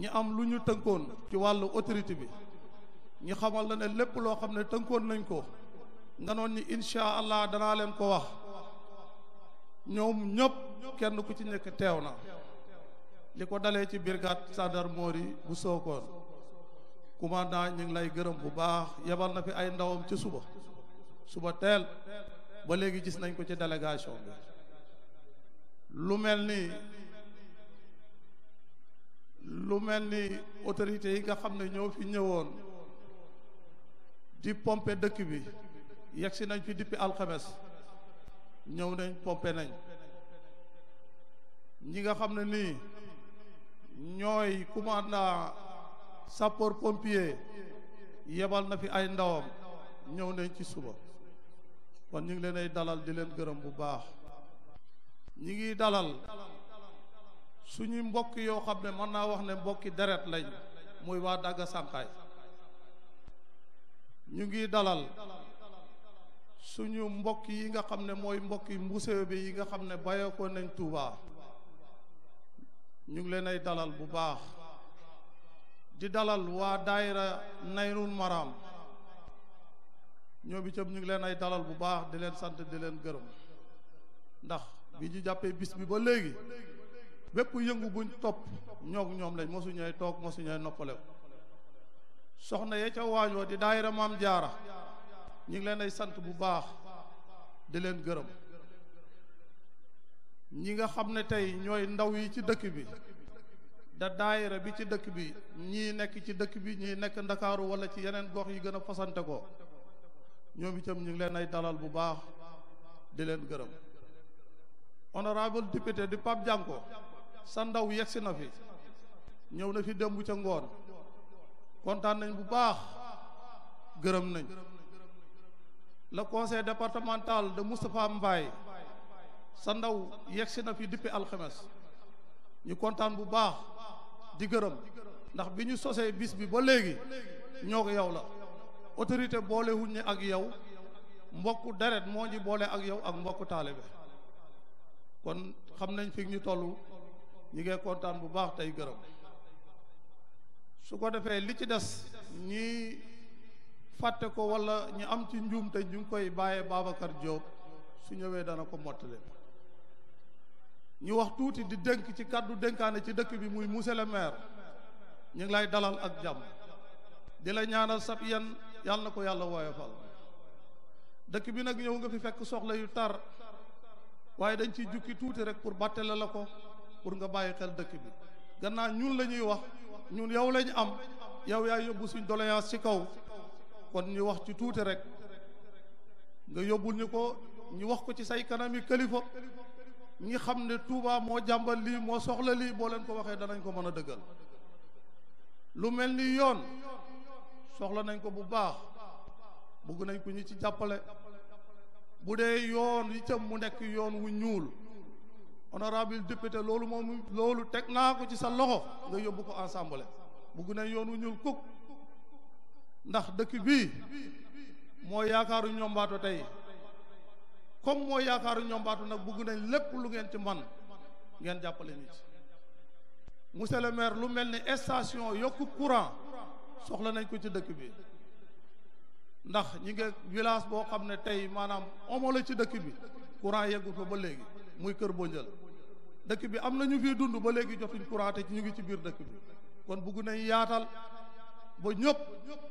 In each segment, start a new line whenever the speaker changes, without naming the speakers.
ñi am lu ñu tënkoon ci wàllu autorité bi ñu xamal la ne lépp loo xam ne tënkoon nañ ko nga noon ñi insha allah danaa leen ko wax ñoom ñëpp kenn ku ci nekk teew na li ko dalee ci brigade gendarmerie bu Sokone commandant ñu lay gërëm bu baax yebal na fi ay ndawam ci suba suba teel ba léegi gis nañ ko ci délégation bi lu mel ni lu mel ni autorités yi nga xam ne ñoo fi ñëwoon di pompe dëkk bi yegsi nañ fi dippi alxemes ñëw nañ pompe nañ ñi nga xam ne nii ñooy commandant sapeur pompier yebal na fi ay ndawam ñëw nañ ci suba kon ñu ngi leen ay dalal di leen gërëm bu baax ñi ngi dalal suñuy mbokk yoo xam ne mën naa wax ne mbokki deret lañ muy waa dagg sànqaay ñu ngi dalal suñu mbokk yi nga xam ne mooy mbokki mbusew bi yi nga xam ne bàyyee ko nañ Tuubaa ñu ngi leen ay dalal bu baax di dalal waa daayira Nayrul Maram ñoom itam ñu ngi leen ay dalal bu baax di leen sant di leen gërëm ndax bi ñu jàppee bis bi ba léegi bépp yëngu buñ topp ñoog ñoom lañ mosu ñooy toog mosuñu ñooy noppalew soxna ye ca waañ wa di daayira maam jaara ñu ngi leen ay sant bu baax di leen gërëm ñi nga xam ne tey ñooy ndaw yi ci dëkk bi da daayira bi ci dëkk bi ñii nekk ci dëkk bi ñii nekk ndakaaru wala ci yeneen gox yi gën a fasante ko ñoom itam ñu ngi leen ay dalal bu baax di leen gërëm honorable député di Pape Dianko sa ndaw yegsi na fi ñëw na fi démb ca ngoon kontaan nañ bu baax gërëm nañ le conseil départemental de Moustapha Mbaye sa ndaw yegsi na fi dippi alxemes ñu kontaan bu baax di gërëm ndax bi ñu sosee bis bi ba léegi ñoo ko yow la autorité boole wuñ ne ak yow mbokku deret moo ñu boole ak yow ak mbokku taalibe kon xam nañ fi ñu toll ñi ngee kontaan bu baax tey gërëm su ko defee li ci des ñi fàtte ko wala ñi am ci njuum te ñu koy bàyyee baabakar Diop su ñëwee dana ko mottale ñu wax tuuti di dénk ci kàddu dénkaane ci dëkk bi muy monsieur le maire ñu ngi lay dalal ak jàmm di la ñaanal sab yan yàlla na ko yàlla woyofal dëkk bi nag ñëw nga fi fekk soxla yu tar waaye dañ ciy jukki tuuti rek pour bàttale la ko pour nga bàyyi xel dëkk bi gannaaw ñun la ñuy wax ñun yow lañu am yow yaay yóbbu suñ doléance ci kaw kon ñu wax ci tuuti rek nga yóbbul ñu ko ñu wax ko ci say kanam kanami kalifa ñi xam ne Touba moo jàmbal lii moo soxla lii boo leen ko waxee danañ ko mën a dëggal lu mel ni yoon soxla nañ ko bu baax bëgg nañ ko ñu ci jàppale bu dee yoon itam mu nekk yoon wu ñuul honorable député loolu moom loolu teg naa ko ci sa loxo nga yóbbu ko ensemble bugg nañ yoonu ñuul kuk ndax dëkk bii mooy yaakaaru ñombaatu tey comme moo yaakaaru ñombaatu nag bugg nañ lépp lu ngeen ci man ngeen jàppale ñu ci monsieur le maire lu mel ni station yokk courant soxla nañ ko ci dëkk bi ndax ñi nga village boo xam ne tey maanaam omo ci dëkk bi courant yeggu fa ba léegi muy kër Bondial dëkk bi am na ñu fii dund ba léegi jotuñ courant te ñu ngi ci biir dëkk bi kon bugg nañ yaatal ba ñëpp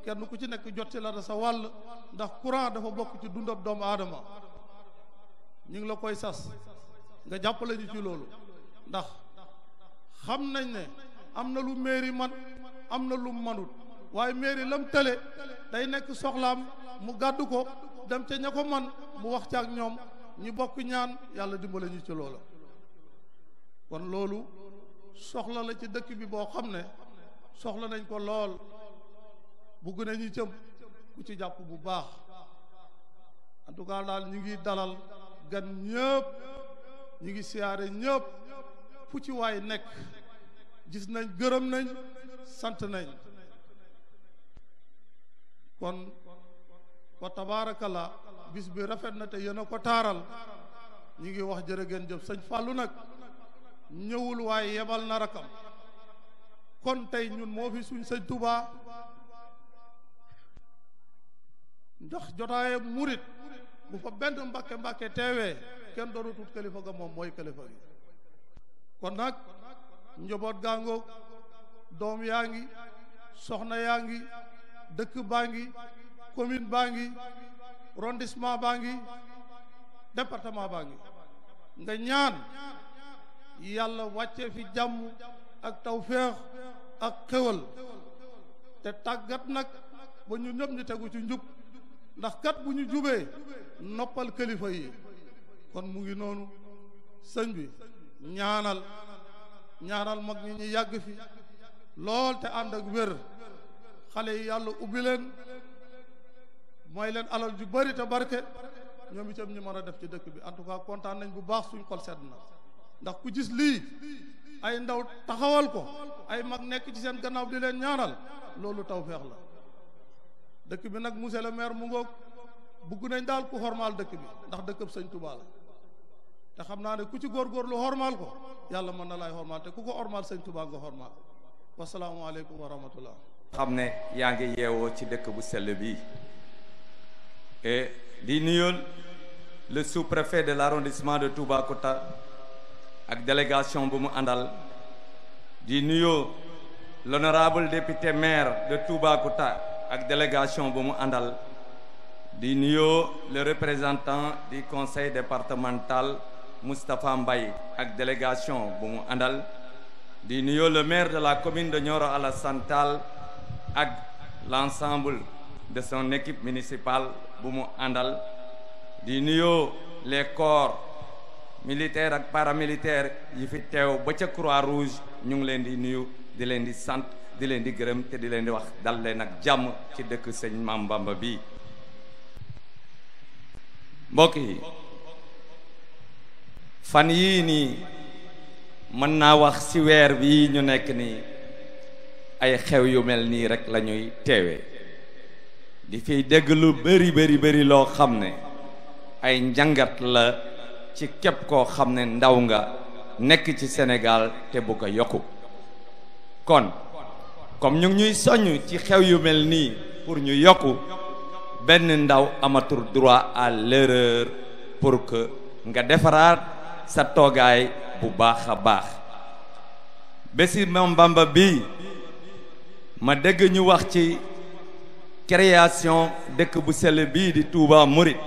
kenn ku ci nekk jot la da sa wàll ndax courant dafa bokk ci dundab doomu aadama ñu ngi la koy sas nga jàppale ñu ci loolu ndax xam nañ ne am na lu mairie man am na lu manut waaye mairie lam tële day nekk soxlaam mu gàdd ko dem ca ña ko man mu wax ca ak ñoom ñu bokk ñaan yàlla dimbale ñu ci loola kon loolu soxla la ci dëkk bi boo xam ne soxla nañ ko lool bugg na ñu cëm ku ci jàpp bu baax en daal ñu ngi dalal gan ñëpp ñu ngi siyaare ñëpp fu ci waay nekk gis nañ gërëm nañ sant nañ kon wa tabaarakallah bis bi rafet na te yéen a ko taaral ñu ngi wax jërë ngeen jëf sëñ Fallou nag ñëwul waaye yebal na rakam kon tey ñun moo fi suñ sëñ Touba ndax jotaaye murit bu fa benn mbàkke mbàkke teewee kenn doonu tut kalifa ga moom mooy kalifa gi kon nag njaboot gaa doom yaa ngi soxna yaa ngi dëkk baa ngi commune baa ngi arrondissement baa ngi département baa ngi nga ñaan yàlla wàcce fi jàmm ak tawféex ak xéwal te tàggat nag ba ñu ñëpp ñu tegu ci njub ndax kat bu ñu jubee noppal kilifa yi kon mu ngi noonu sëñ bi ñaanal ñaanal mag ñi ñu yàgg fi lool te ànd ak wér xale yi yàlla ubbi leen mooy leen alal ju bari te barke ñoom itam ñu mën a def ci dëkk bi en tout cas kontaan nañ bu baax suñ xol sedd na ndax ku gis lii ay ndaw taxawal ko ay mag nekk ci seen gannaaw di leen ñaanal loolu tawfeex la dëkk bi nag monsieur le maire mu bugg nañ daal ku xormaal dëkk bi ndax dëkkab sëñ Tuubaa la te xam naa ne ku ci góorgóorlu xormaal ko yàlla mën na laay xormaal te ku ko xormaal sëñ Tuubaa nga xormaal wasalaamualeykum wa rahmatullah
xam ne yaa ngi yeewoo ci dëkk bu sell bii et di nuyool le sous-préfet de l'arrondissement de Toubacouta ak délégation bu mu àndal di nuyoo l'honorable député maire de Toubacouta ak délégation bu mu àndal di nuyoo le représentant du conseil départemental Moustapha Mbaye ak délégation bu mu àndal di nuyoo le maire de la commune de Nioro Alassane santal ak l'ensemble de son équipe municipale bu mu àndal di nuyoo les corps militaires ak paramilitaires yi fi teew ba ca croix rouge ñu ngi leen di nuyu di leen di sant di leen di gërëm te di leen di wax dal leen ak jàmm ci dëkk sëñ Maam bi mbokk yi fan yii nii mën naa wax ci weer bi ñu nekk nii ay xew yu mel nii rek lañuy ñuy teewee di fiy dégg lu bëri bëri bëri loo xam ne ay njàngat la ci képp koo xam ne ndaw nga nekk ci Sénégal te bu ko yokku kon comme ñu ñuy soññ ci xew yu mel nii pour ñu yokku benn ndaw amatul droit à l'erreur pour que nga defaraat sa toogaay bu baaxa baax bési moom Bamba bi ma dégg ñu wax ci création dëkk bu sell bii di Touba Mouride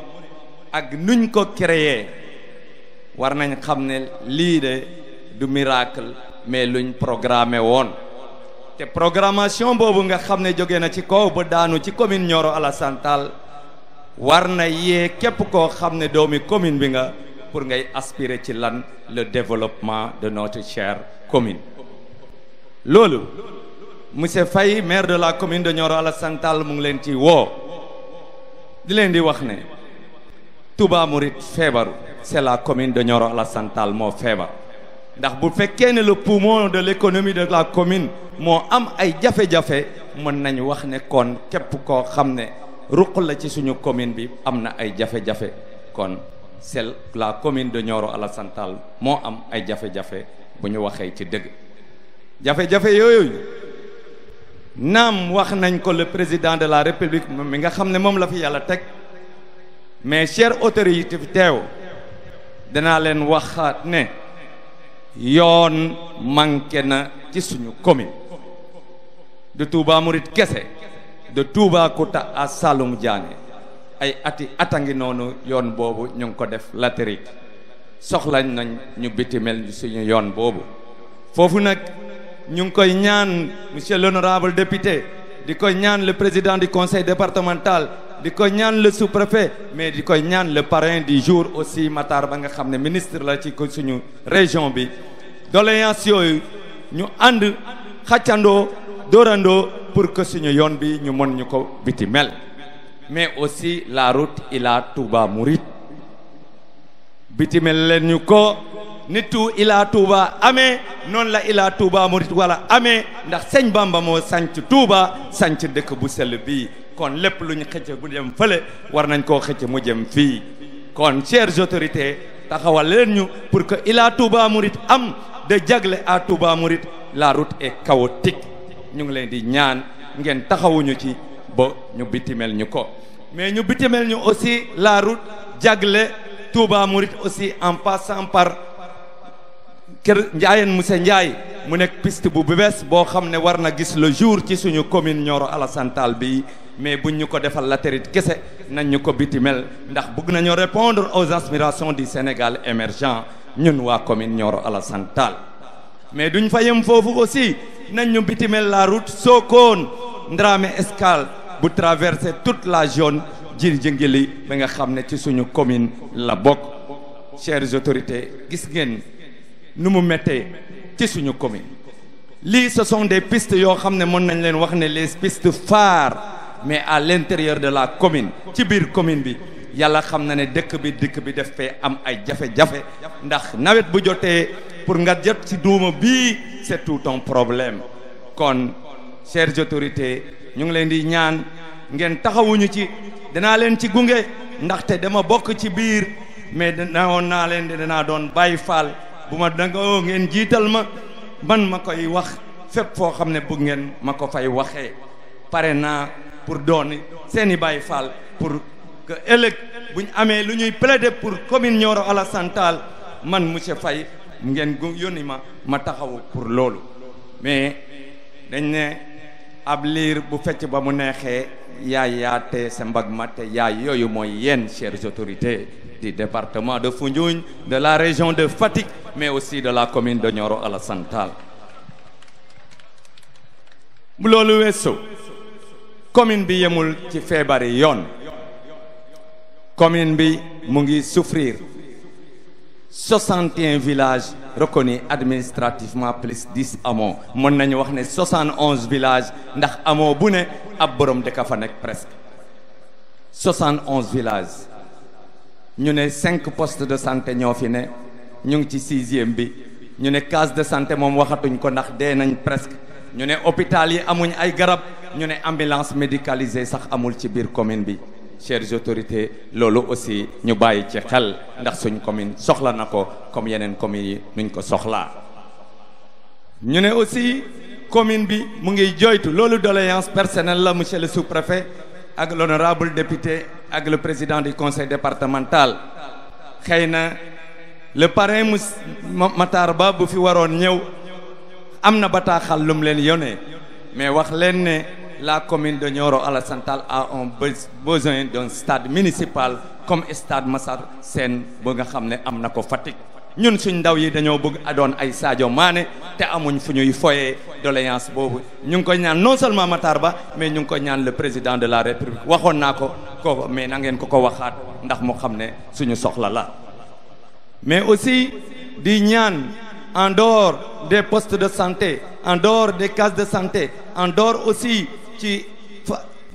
ak nuñ ko créer war nañ xam ne lii de du miracle mais luñ programmé woon te programmation boobu nga xam ne jóge na ci kaw ba daanu ci commune Nioro Alassane Tall war na yee képp koo xam ne doomi commune bi nga pour ngay aspirer ci lan le développement de notre chère commune loolu monsieur Faye maire de la commune de Nioro Alassane mu ngi leen ci woo di leen di wax ne Touba Mouride feebaru c'est la commune de Nioro Alassane Tall moo feebar ndax bu fekkee ne le poumon de l'économie de la commune moo am ay jafe-jafe mën nañ wax ne kon képp koo xam ne ruq la ci suñu commune bi am na ay jafe-jafe kon c'est la commune de Nioro Alassane Tall moo am ay jafe-jafe bu ñu waxee ci dëgg jafe-jafe yooyu naam wax nañ ko le président de la moom mi nga xam ne moom la fi yàlla teg mais chère autorité fi teew danaa leen waxaat ne yoon manqué na ci suñu commune de Touba murit kese de Toubacouta à Saloum Diané ay ati ngi noonu yoon boobu ñu ngi ko def latérite soxlañ nañ ñu bitimel suñu yoon boobu foofu nag ñu ngi koy ñaan monsieur l'honorable député di koy ñaan le président du conseil départemental di ko ñaan le sous-préfet mais di koy ñaan le parrain du jour aussi Matar ba nga xam ne ministre la ci ko suñu région bi doléance yooyu ñu ànd xàccandoo dóorandoo pour que suñu yoon bi ñu mën ñu ko biti mel mais aussi la route ila Touba Mouride biti mel leen ñu ko ni tu ilaa Touba amee noonu la ilaa Touba murit wala amee ndax sëñ Bamba moo sanc Touba sanc dëkk bu sell bii kon lépp lu ñu xëcc bu jëm fële war nañ koo xëcc mu jëm fii kon cher autorité taxawal leen ñu pour que ilaa Touba murit am de jagle à Touba murit la route est chaotique ñu ngi leen di ñaan ngeen taxawuñu ci ba ñu bitimel ñu ko mais ñu bitimel ñu aussi la route jagle Touba murit aussi en passant par kër Ndiayène monsieur Ndiaye mu nekk piste bu bees boo xam ne war na gis le jour ci suñu commune Nioro Alassane Tall bi mais buñ ñu ko defal latérite kese nañ ñu ko biti ndax bëgg nañoo répondre aux aspirations du Sénégal émergent ñun waa commune Nioro Alassane Tall mais ñu fa yem foofu aussi nañ ñu biti mel la route Sokone Ndramé Escale bu traverser toute la zone Djirjëngeli ba nga xam ne ci suñu commune la bokk chers autorités gis ngeen nu mu méttee ci suñu commune lii ce sont des pistes yoo xam ne mën nañ leen wax ne les pistes phares mais à l'intérieur de la commune ci biir commune bi yàlla xam na ne dëkk bi dëkk bi def fee am ay jafe-jafe ndax nawet bu jotee pour nga jot ci duuma bii c'est tout un problème kon chers autorités ñu ngi leen di ñaan ngeen taxawuñu ci danaa leen ci gunge ndaxte dama bokk ci biir mais dana leen di danaa doon bàyyi faal bu ma dangoo ngeen jiital ma man ma koy wax fépp foo xam ne bëgg ngeen ma ko fay waxee pare naa pour doon seeni Baay Faal pour que ëllëg buñ amee lu ñuy plaider pour commune Nioro ala Tall man monsieur fay ngeen gu yónni ma ma taxaw pour loolu mais dañ ne ab liir bu fecc ba mu neexee yaay yaate sa mbag mate yaay yooyu mooy yéen chers autorités du département de Foundiougne de la région de Fatick mais aussi de la commune de Nioro Alassane Tall bu loolu weesoo commune bi yemul ci feebari yoon commune bi mu ngi souffrir 61 village reconnus administrativement plus 10 amoo mën nañu wax ne onze villages ndax amoo bu ne ab borom dëkk fa nekk presque onze village ñu ne 5 postes de santé ñoo fi ne ñu ngi ci sixième bi ñu ne case de sante moom waxatuñ ko ndax dee nañ presque ñu ne hôpital yi amuñ ay garab ñu ne ambulance médicalisée sax amul ci biir commune bi. chers autorités loolu aussi ñu bàyyi ci xel ndax suñ commune soxla na ko comme yeneen communes yi nuñ ko soxlaa ñu ne aussi commune bi mu ngi joytu loolu doléance personnelle la monsieur le sous-préfet ak l'honorable député ak le président du conseil départemental xëy na le parrain mus Matar bu fi waroon ñëw am na bataaxal lum leen yónnee mais wax leen ne la commune de Nioro Alassane Tall a un besoin d'un stade municipal comme stade Massar Sène ba nga xam ne am na ko Fatick ñun suñ ndaw yi dañoo bëgg adoon ay Sadio Mané te amuñ fu ñuy foyee doléance boobu ñu ngi koy ñaan non seulement Matar Ba mais ñu ngi koy ñaan le président de la République waxoon naa ko ko mais na ngeen ko ko waxaat ndax mu xam ne suñu soxla la mais aussi di ñaan en dehors des postes de santé en dehors des cases de santé en dehors aussi ci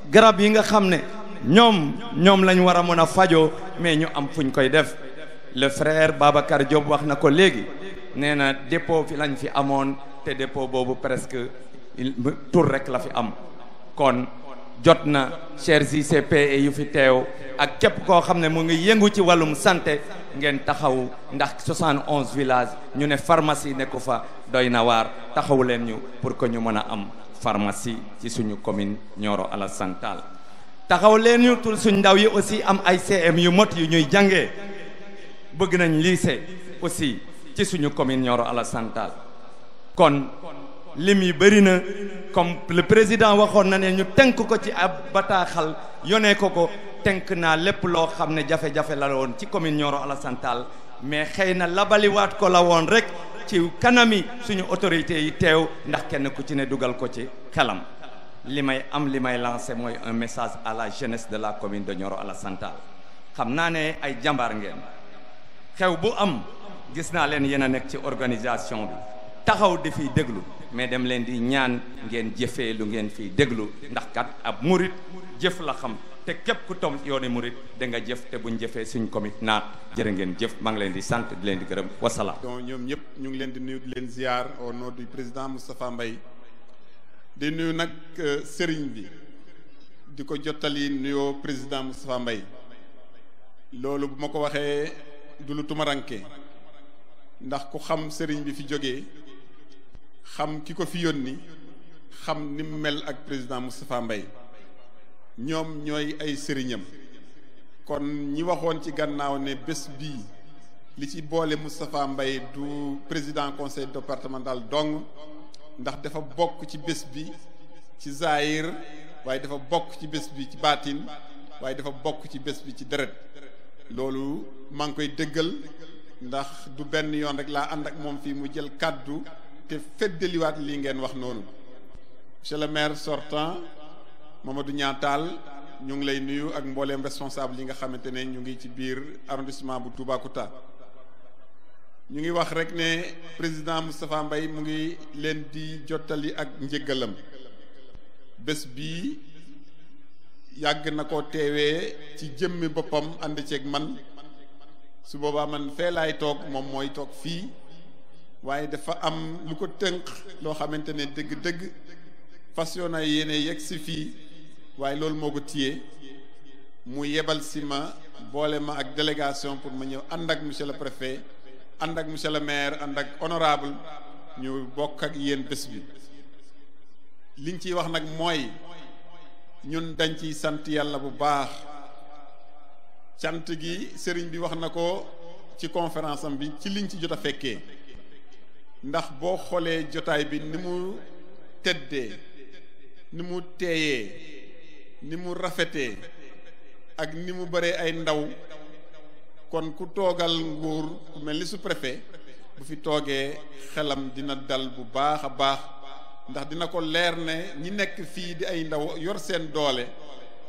garab yi nga xam ne ñoom ñoom lañ war a mën a fajoo mais ñu am fuñ koy def le frère Babacar Diop wax na ko léegi nee na dépôt fi lañ fi amoon te dépôt boobu presque tur rek la fi am kon jot na chers ICP yu fi teew ak képp koo xam ne mu ngi yëngu ci wàllum santé ngeen taxawu ndax 71 villages ñu ne pharmacie nekku fa doy na waar taxawu leen ñu pour que ñu mën a am pharmacie ci suñu commune Nioro Alassane Tall taxaw leen ñu tul suñ ndaw yi aussi am ay CM yu mot yu ñuy jàngee bëgg nañ lycée aussi ci suñu commune Nioro Alassane Tall kon lim yi bëri na comme le président waxoon na ne ñu tënk ko ci ab bataaxal yonee ko ko tënk naa lépp loo xam ne jafe-jafe la woon ci commune Nioro Alassane Tall mais xëy na labaliwaat ko la woon rek ci kanami suñu autorités yi teew ndax kenn ku ci ne dugal ko ci xelam li may am li may lancé mooy un message à la jeunesse de la commune de Nioro Alassane Tall xam naa ne ay jàmbaar ngeen xew bu am gis naa leen yéen a nekk ci organisation bi taxaw di fiy déglu mais dem leen di ñaan ngeen jëfee lu ngeen fiy déglu ndax kat ab murit jëf la xam te képp ku tom yoone murit da nga jëf te buñ jëfee suñ comité naat jërë ngeen jëf maa ngi leen di sant di leen di gërëm wasalaam.
donc ñoom ñëpp ñu ngi leen di nuyu di leen ziar au noo du président Moustapha Mbaye di nuyu nag euh, sëriñ bi di ko jottali nuyoo président Moustapha Mbaye loolu bu ma ko waxee du lu tumaranke ndax ku xam sëriñ bi fi jógee xam ki ko fi yónni xam ni mu mel ak président Moustapha mbay ñoom ñooy ay sëriñam kon ñi waxoon ci gannaaw ne bés bi li ci boole Moustapha mbay du président conseil départemental dong ndax dafa bokk ci bés bi ci zaahir waaye dafa bokk ci bés bi ci baatin waaye dafa bokk ci bés bi ci deret loolu maa ngi koy dëggal ndax du benn yoon rek laa ànd ak moom fi mu jël kàddu te feddaliwaat lii ngeen wax noonu monsieur le maire sortant Mamadou Niatal ñu ngi lay nuyu ak mbooleem responsable yi nga xamante ne ñu ngi ci biir arrondissement bu Toubacouta ñu ngi wax rek ne président Moustapha mbay mu ngi leen di jottali ak njégalam bés bi yàgg na ko teewee ci jëmmi boppam ànd ceeg man su boobaa man fee toog moom mooy toog fii waaye dafa am lu ko tënk loo xamante ne dëgg-dëgg fas yoo na yegg si fii waaye loolu moo ko téye mu yebal si ma boole ma ak délégation pour ma ñëw ànd ak monsieur le préfet ànd ak monsieur le maire ànd ak honorable ñu bokk ak yéen bés bi liñ ciy wax nag mooy ñun dañ ciy sant yàlla bu baax sant gi sëriñ bi wax na ko ci conférence bi ci liñ ci jot a fekkee ndax boo xoolee jotaay bi ni mu tëddee ni mu teeyee ni mu rafetee ak ni mu baree ay ndaw kon ku toogal nguur ku mel ni su préfet bu fi toogee xelam dina dal bu baax a baax ndax dina ko leer ne ñi nekk fii di ay ndaw yor seen doole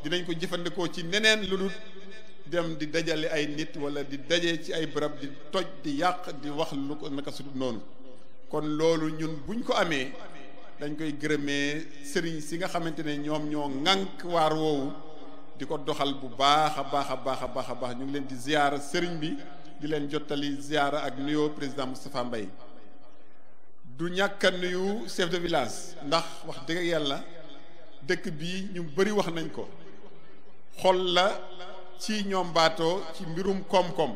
dinañ ko jëfandikoo ci neneen lu dul dem di dajale ay nit wala di daje ci ay barab di toj di yàq di wax lu ko naka su noonu kon loolu ñun buñ ko amee dañ koy gërëmee sëriñ si nga xamante ne ñoom ñoo ŋànk waar woowu di ko doxal bu baax a baax a baax a baax a baax ñu ngi leen di ziyaara sëriñ bi di leen jottali ziyaara ak nuyoo président Moustapha Mbaye du ñàkk a nuyu chef de village ndax wax dëgg yàlla dëkk bi ñu bëri wax nañ ko xol la ci ñoom baatoo ci mbirum koom-koom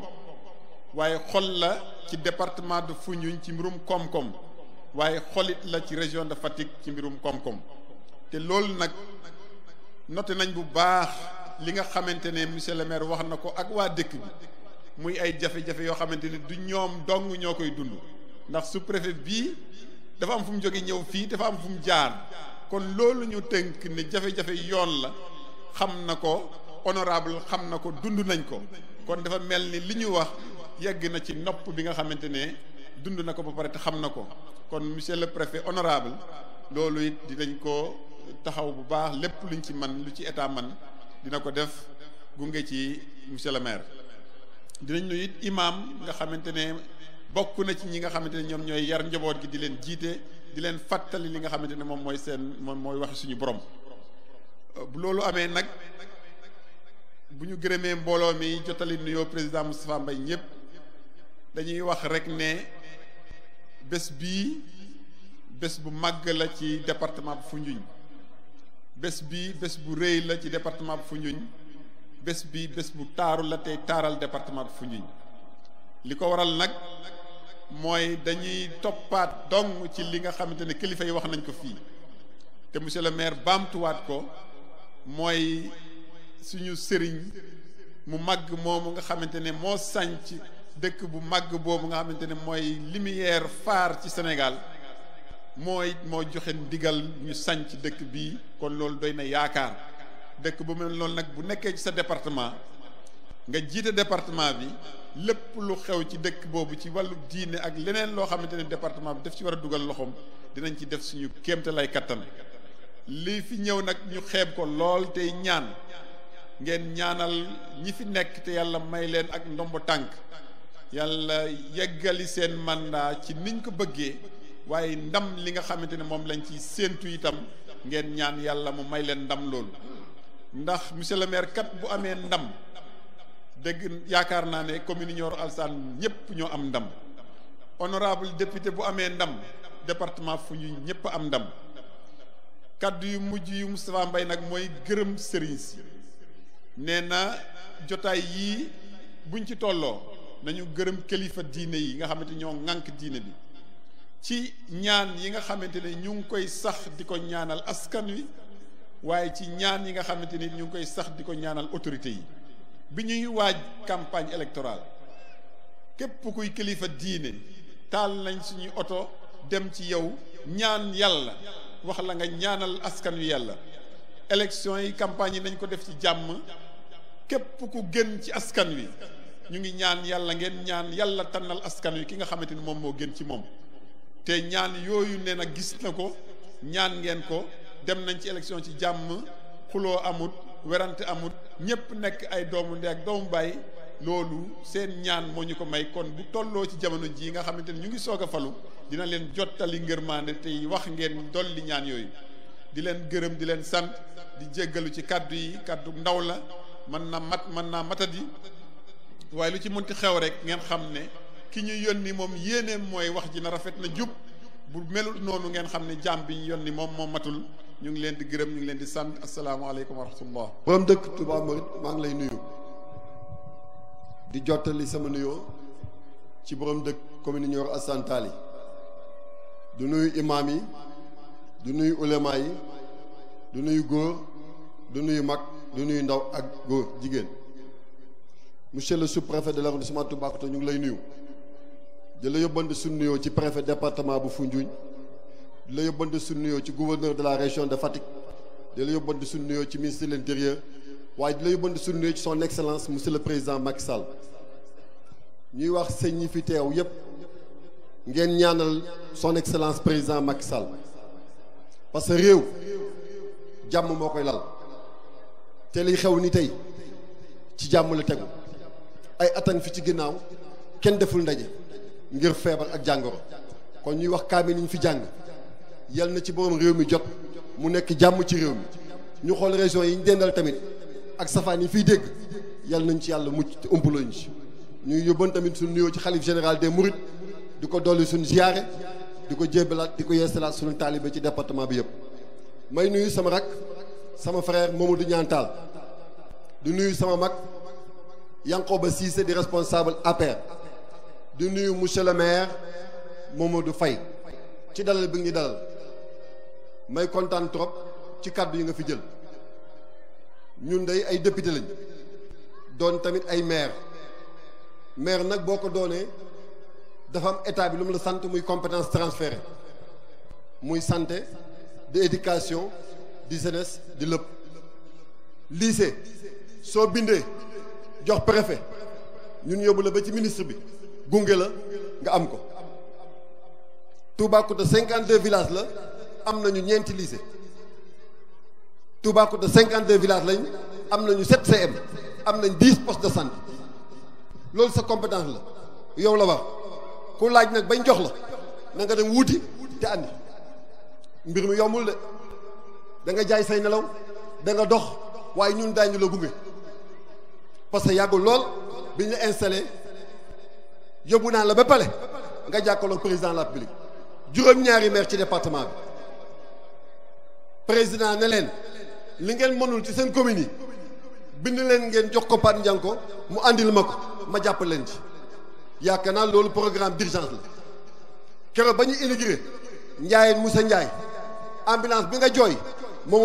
waaye xol la ci département de Foundiougne ci mbirum koom-koom waaye xolit la ci région de Fatick ci mbirum koom-koom te loolu nag noté nañ bu baax li nga xamante ne monsieur le maire wax na ko ak waa dëkk bi muy ay jafe-jafe yoo xamante ne du ñoom dong ñoo koy dund ndax sous-préfet bii dafa am fu mu jóge ñëw fii dafa am fu mu jaar kon loolu ñu tënk ne jafe-jafe yoon la xam na ko honorable xam na ko dund nañ ko kon dafa mel ni li ñu wax yegg na ci nopp bi nga xamante ne dund na ko ba pare te xam na ko kon monsieur le préfet honorable loolu it dinañ ko taxaw bu baax lépp luñ ci man lu ci état man dina ko def gunge ci monsieur le maire dinañ nuyu it imam nga xamante ne bokk na ci ñi nga xamante ne ñoom ñooy yar njaboot gi di leen jiite di leen fàttali li nga xamante ne moom mooy seen moom mooy wax suñu borom bu loolu amee nag bu ñu gërëmee mbooloo mi jotali nuyoo président Moustapha mbay ñëpp dañuy wax rek ne bés bii bés bu màgg la ci département bu Foundiougne bés bii bés bu rëy la ci département bu Foundiougne bés bii bés bu taaru la tey taaral département bu Foundiougne li ko waral nag mooy dañuy toppaat dong ci li nga xamante ne kilifa yi wax nañ ko fii te monsieur le maire baamtuwaat ko mooy suñu sëriñ mu màgg moomu nga xamante ne moo sànc dëkk bu màgg boobu nga xamante ne mooy lumière phare ci Sénégal mooy moo joxe ndigal ñu sanc dëkk bii kon loolu doy na yaakaar dëkk bu mel loolu nag bu nekkee ci sa département nga jiite département bi lépp lu xew ci dëkk boobu ci wàllu diine ak leneen loo xamante ne département bi daf ci war dugal loxoom dinañ ci def suñu kéemte lay kattan lii fi ñëw nag ñu xeeb ko lool tey ñaan ngeen ñaanal ñi fi nekk te yàlla may leen ak ndomb tànk yàlla yeggali seen mandat ci niñ ko bëggee waaye ndam li nga xamante ne moom lañ ci séentu itam ngeen ñaan yàlla mu may leen ndam loolu ndax monsieur le maire kat bu amee ndam dégg yaakaar naa ne commune Nioro Alassane ñëpp ñoo am ndam honorable député bu amee ndam département fu ñu ñëpp am ndam kaddu yu mujj yu Moustapha mbay nag mooy gërëm sëriñ si nee na jotaay yii buñ ci tolloo nañu gërëm kilifa diine yi nga xamante ñoo ŋànk diine bi ci ñaan yi nga xamante ne ñu ngi koy sax di ko ñaanal askan wi waaye ci ñaan yi nga xamante ni ñu ngi koy sax di ko ñaanal autorité yi bi ñuy waaj campagne électorale képp kuy kilifa diine taal nañ suñu oto dem ci yow ñaan yàlla wax la nga ñaanal askan wi yàlla élection yi campagne yi nañ ko def ci jàmm képp ku gën ci askan wi ñu ngi ñaan yàlla ngeen ñaan yàlla tanal askan wi ki nga xamante ni moom moo gën ci moom te ñaan yooyu nee na gis na ko ñaan ngeen ko dem nañu ci élection ci jàmm xuloo amut werante amut ñëpp nekk ay doomu ndey ak doomu baay loolu seen ñaan moo ñu ko may kon bu tolloo ci jamono jii nga xamante ni ñu ngi soog a falu dina leen jottali ngërmaande tey wax ngeen dolli ñaan yooyu di leen gërëm di leen sant di jéggalu ci kàddu yi kàddu ndaw la mën na mat waaye lu ci mënti xew rek ngeen xam ne ki ñu yónni moom yéeneem mooy wax ji na rafet na jub bu melul noonu ngeen xam ne jaam bi ñu yónni moom moom matul ñu ngi leen di gërëm ñu ngi leen di sant
asalaamaaleykum wa rahmatullah borom dëkk Touba Mouride maa ngi lay nuyu di jottali sama nuyoo ci borom dëkk commune Nioro ak santaali du nuyu imaam yi du nuyu ulema yi du nuyu góor du nuyu mag du nuyu ndaw ak góor jigéen monsieur le sous-préfet de l'arrondissement Toubacouta ñu ngi lay nuyu di la yóbbante suñu nuyoo ci préfet département bu Foundiougne di la yóbbante suñu nuyoo ci gouverneur de la région de Fatick di la yóbbante suñu nuyoo ci ministre de l'intérieur waaye di la yóbbante suñu nuyoo ci son excellence monsieur le président Macky Sall ñuy wax sëñ ñi fi teew yépp ngeen ñaanal son excellence président Macky Sall parce que réew jàmm moo koy lal te liy xew ni tey ci jàmm la tegu ay atan fi ci ginnaaw kenn deful ndaje ngir feebar ak jàngoro kon ñuy wax kaamil yi ñu fi jàng yal na ci borom réew mi jot mu nekk jàmm ci réew mi ñu xool région yi ñu dendal tamit ak safaan yi fiy dégg yal nañ ci yàlla mucc ci ëmpalooñ ji ñuy yóbban tamit suñu nuyoo ci xalif général des murit di ko dolli suñu ziyaare di ko jébbalaat di ko yeesalaat suñu taalibe ci département bi yëpp may nuyu sama rak sama frère Mamadou Niantal di nuyu sama ba Cissé di responsable APR di nuyu monsieur le maire du Faye ci dalal bi nga ñu dalal may kontaan trop ci kàddu yi nga fi jël ñun day ay député lañ doon tamit ay maire maire nag boo ko doonee dafa am état bi lu la sant muy compétence transférée muy santé di éducation di jeunesse di lépp lycée soo bindee jox préfet ñun yóbbu la ba ci ministre bi gunge la nga am ko Toubacouta 52 village la am nañu ñeenti lycée Toubacouta 52 lañ am na ñu CM am nañ 10 postes de santé loolu sa compétence la yow la ku laaj nag bañ jox la na nga dem wuti te andi mbir mi yombul de da nga jaay say nelaw da nga dox waaye ñun daañu la gunge. parce que yàggul lool bi ñu la installé yóbbu naa la ba pale nga jàkkaloo président la République juróom-ñaari meer ci département bi président ne leen li ngeen mënul ci seen communes yi bind leen ngeen jox ko Pape Ndianko mu àndil ma ko ma jàpp leen ci yaakaar naa loolu programme d'urgence la keroog ba ñu inauguré Ndiaye musa Ndiaye ambulance bi nga jooy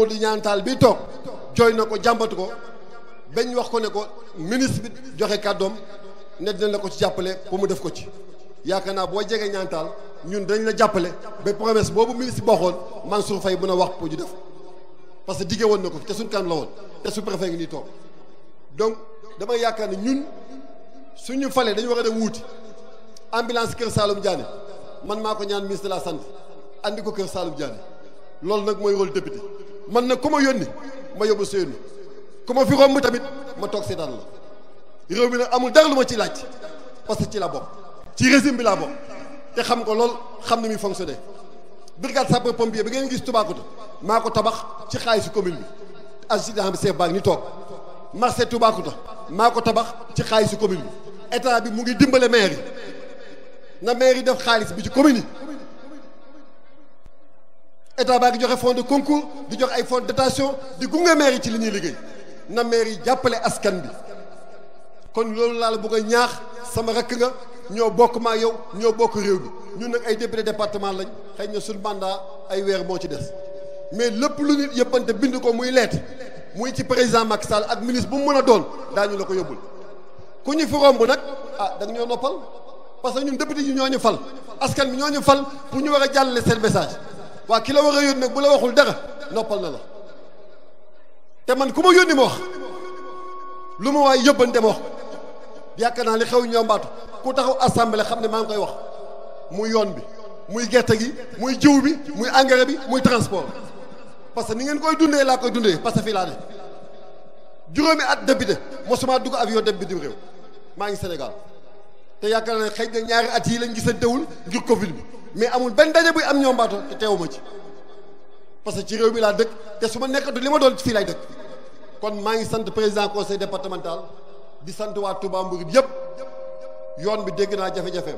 di Niantal bi toog jooy na ko jàmbatu ko. bañ wax ko ne ko ministre bi joxe kàddoom ne dina la ko ci jàppale pour mu def ko ci yaakaar naa boo jegee ñaantaal ñun dañ la jàppale ba promesse boobu ministre bi waxoon Mansour Faye mën a wax pour ñu def parce que diggé woon na ko fi te suñ kanam la woon te su préfet ngi nii toog donc dama yaakaar ne ñun suñu falee dañu war a dem wuuti ambulance Kër Saalum Diané man maa ko ñaan ministre de la santé andi ko Kër Saalum Diané loolu nag mooy rôle député man nag ku ma yónni ma yóbbu sa yónni ku ma fi romb tamit ma toog seetaan la réew bi nag amul dara lu ma ci laaj parce que ci la bokk ci régime bi laa bokk te xam ko lool xam ni muy fonctionné brigade sapeur pompier bi ngeen gis Toubacouta maa ko tabax ci xaalisu commune bi agida xam chef baa ngi toog marché Toubacouta maa tabax ci xaalisu commune bi état bi mu ngi dimbale maire yi na maire def xaalis bi ci commune yi état baa ngi joxe fonds de concours di jox ay fonds de dotation di gunge maire yi ci li ñuy liggéey na maire yi jàppale askan bi kon loolu laal la bëgg a ñaax sama rakk nga ñoo bokk maa yow ñoo bokk réew bi ñun nag ay député département lañ xëy na suñu mandat ay weer moo ci des mais lépp lu nit yëppante bind ko muy leet muy ci président ak Sall ak ministre bu mu mën a doon ñu la ko yóbbul ku ñu fi romb nag ah da ñoo noppal parce que ñun député yi ñoo ñu fal askan bi ñoo ñu fal pour ñu war a jàllale seen message waa ki la war a yónni bu la waxul dara noppal na la. te man ku ma yónni ma wax lu ma waay yóbbante ma wax yaakaar naa li xew ñoombaatu ku taxaw assemblée xam ne maa ngi koy wax muy yoon bi muy gerte gi muy jiw bi muy engrais bi muy transport parce que ni ngeen koy dundee laa koy dundee parce que fii laa ne juróomi at député mosuma dugg avion dem bitim réew maa ngi Sénégal te yaakaar naa xëy na ñaari at yi lañ gisantewul ngir Covid bi mais amul benn daje buy am ñoombaatu te teewuma ci parce que ci réew mi laa dëkk te su ma nekkatu li ma doon fii lay dëkk. kon maa ngi sant président conseil départemental di sant waa Touba Mouride yëpp yoon bi dégg naa jafe-jafeem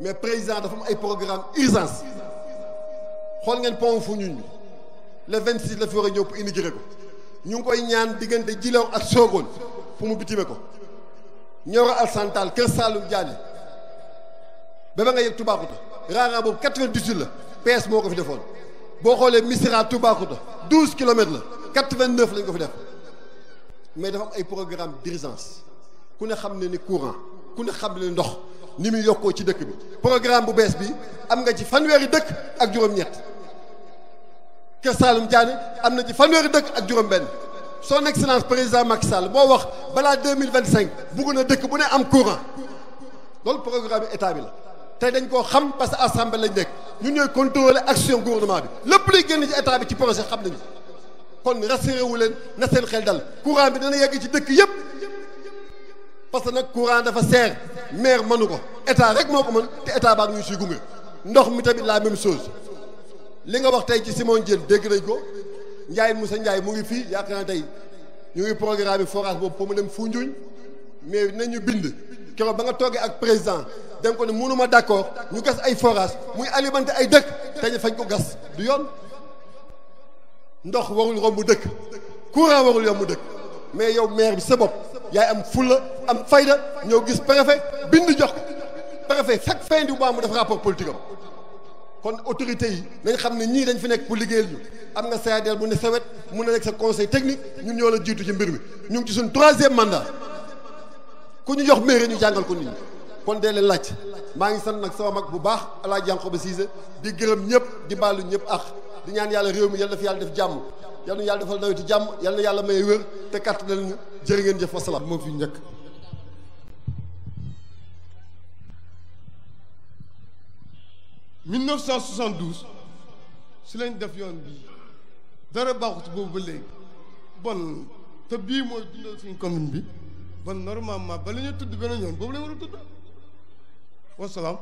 mais président dafa am ay programme urgence xool ngeen pont fu ñun bi le 26 la fi war a ñëw pour inaugurer ko ñu ngi koy ñaan diggante Djilor ak Sokone pour mu bitime ko Nioro al Santal Kër Saalum Diané ba ba nga yëg Toubacouta raaraan boobu 98 la PS moo ko fi defoon boo xoolee Missirah Toubacouta 12 kilomètres la. quatre-vingt-neuf lañ ko fi def mais dafa ay programme d'urgence ku ne xam ne ni courant ku ne xam ne ndox ni muy yokkoo ci dëkk bi programme bu bees bi am nga ci fanweeri dëkk ak juróom-ñett Kër Saalum Diané am na ci fanweeri dëkk ak juróom-benn son excellence président Macky Sall boo wax balaa deux mille vingt cinq bugg na dëkk bu ne am courant loolu programme état bi la te dañ koo xam parce que assemblée lañ nekk ñun ñooy contrôler action gouvernement bi lépp luy génn ci état bi ci projet xam nañu. kon rassuré wu leen na seen xel dal courant bi dana yegg ci dëkk yépp parce que nag courant dafa seer maire mënu ko état rek moo ko mën te état baa ngi ñu siy gunge ndox mi tamit la même sos li nga wax tey ci Simon Diène dégg nañ ko Ndiaye Moussa Ndiaye mu ngi fii yaakaar naa tey ñu ngi programme forage boobu pour mu dem Foundiougne mais nañu bind keroog ba nga toogee ak président dem ko ne mënuma d'accord ñu gas ay forage muy alimenter ay dëkk te fañ ko gas du yoon. ndox warul romb dëkk courant warul yomb dëkk mais yow maire bi sa bopp yaay am fulla am fayda ñëw gis préfet bind jox préfet chaque fin du mois mu def rapport politique am kon autorité yi nañ xam ne ñii dañ fi nekk pour liggéeyal ñu am nga CADL bu ne sa wet mun a nekk sa conseil technique ñun ñëw la jiitu ci mbir mi ñu ngi ci suñ troisième mandat ku ñu jox mairie ñu jàngal ko nit ñi kon dee leen laaj maa ngi sant nag sama mag bu baax El jànq ba Cissé di gërëm ñëpp di baalu ñëpp ak di ñaan yàlla réew mi yàlla na yàlla def jàmm yal na yàlla defal nawetu jàmm yàlla na yàlla may wér te kàttanal ñu jërë ngeen jëf wasalaam moo fi njëkk mille neuf cent soixante-douze si lañ def yoon bi dara baaxut boobu ba léegi bon te bii mooy dundal suñu commune bi bon normalement ba la ñu tudd beneen yoon boobu lañ war a tudd
wasalaam